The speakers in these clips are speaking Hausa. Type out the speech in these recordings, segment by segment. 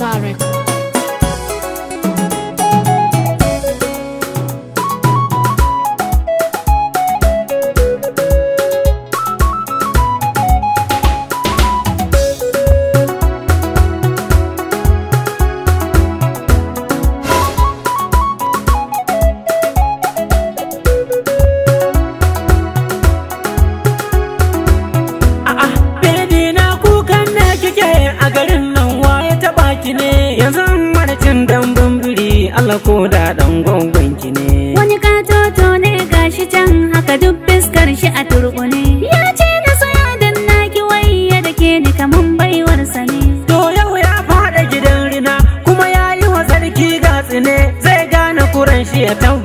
Star Records. a garin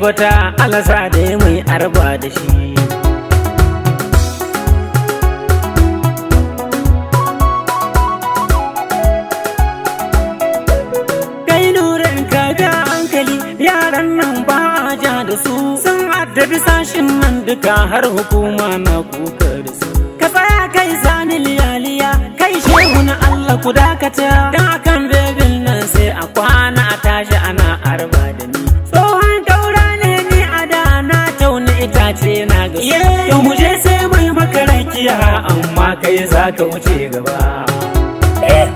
kwata alasa da ya mai arba da shi kai nuran ka hankali yaran nan ba a ja da su sun addabi sashin nan duka har hukuma na kuka da su ka tsaya kai zani liyaliya kai shehu na allah ku dakata yau mu je sai mai makarakiya amma kai za ka wuce gaba eh,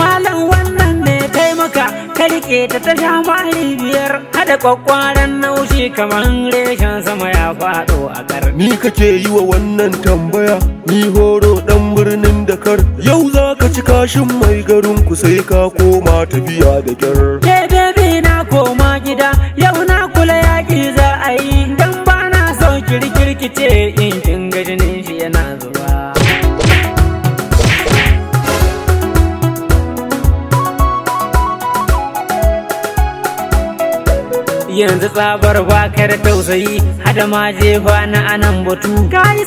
malam wannan ne taimaka ka rike ta ta sha mari biyar hada kwakwaran naushi kamar reshen sama ya faɗo a kar ni kake yi wa wannan tambaya ni horo dan birnin dakar yau za ci kashin mai garin ku sai ka koma tafiya da kyar. Ke bebe na koma gida yau na kula yaƙi za a yi dan ba na son ce in kin ga shi yana zuwa. Yanzu tsabar bakar tausayi hada ma jefa na anan batu. Ka yi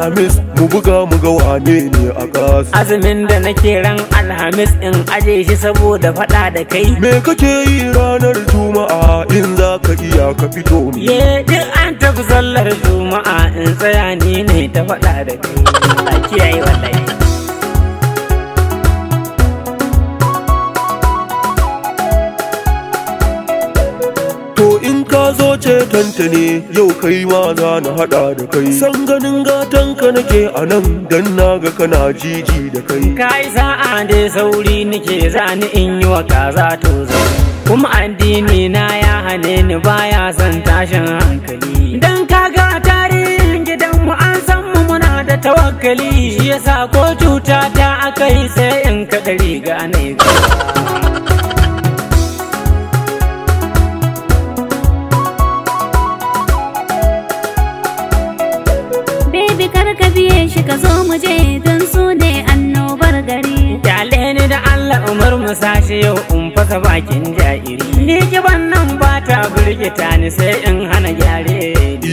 alhamis mu buga mu ga wane ne a ƙasa azumin da nake ran alhamis in aje shi saboda faɗa da kai me kake yi ranar juma'a in za ka iya ka fito ni ye duk an tafi sallar juma'a in tsaya ni ne ta faɗa da kai a kiyaye wallahi ce tantane yau kai ma za na haɗa da kai san ganin gatan ka nake a nan dan na ga kana jiji da kai kai sa'a da sauri nake zani in yi wa kaza to kuma addini na ya hane ni baya san tashin hankali dan kaga tarihin gidanmu an san mu muna da tawakkali shi yasa ko cuta ta akai sai in kaɗa riga ne muje don su ne annobar gari kyale ni da Allah umar musashi yau in fasa bakin jairi ni ki nan ba ta birgita ni sai in hana gyare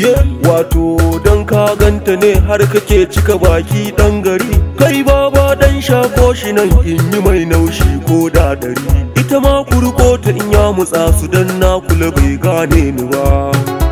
ye wato don ka ganta ne har kake cika baki dan gari kai baba dan shako shi nan in yi mai naushi ko da dari ita ma kurko ta in ya mutsa su dan na kula bai gane ni ba